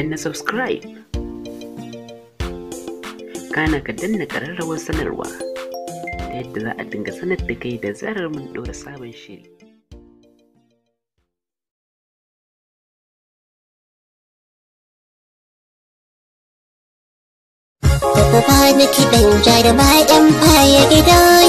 danna subscribe kana ka danna ƙararrawar sanarwa ta yadda za a dinga sanar da kai da zarar mun ɗora sabon shiri Kwakwa na kiɗan jarumai ɗan faya gida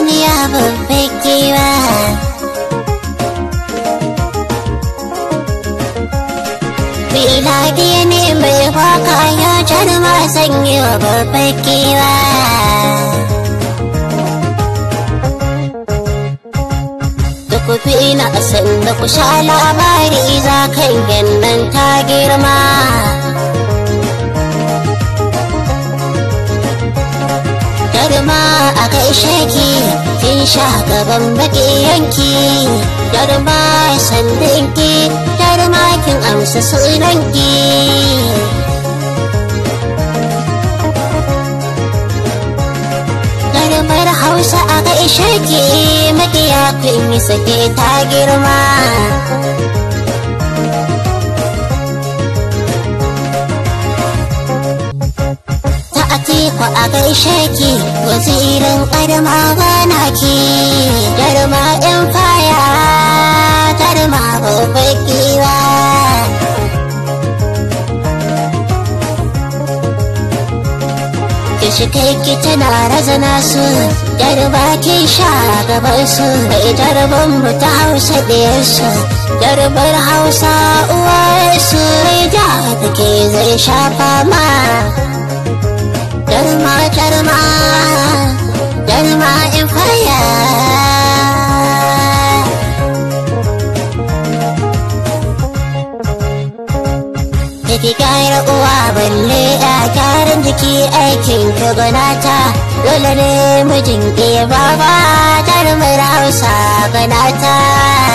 lafiya ne bai kwaka ya tarma sanyi wa babbar kiwa da ku fi na san da ku sha labari za kan gannan ta girma Yarma a kai shaki kin sha gaban baki yanki Yarma sandinki mamakin amsa sunan ki Garmar Hausa a gaishe ki makiya kun sake ta girma Ta ake a gaishe ki wazirin ƙaram'a ba na ki shi kai tana razana su yar ba sha gaban su bai darban mu ta hausa ɗaya su yarbar hausa uwa su mai da ke zai shafa ma darma darma darma in faya Ki gara uwa ciki aikin ka dole ne mijin ke baba tarmar hausa gonata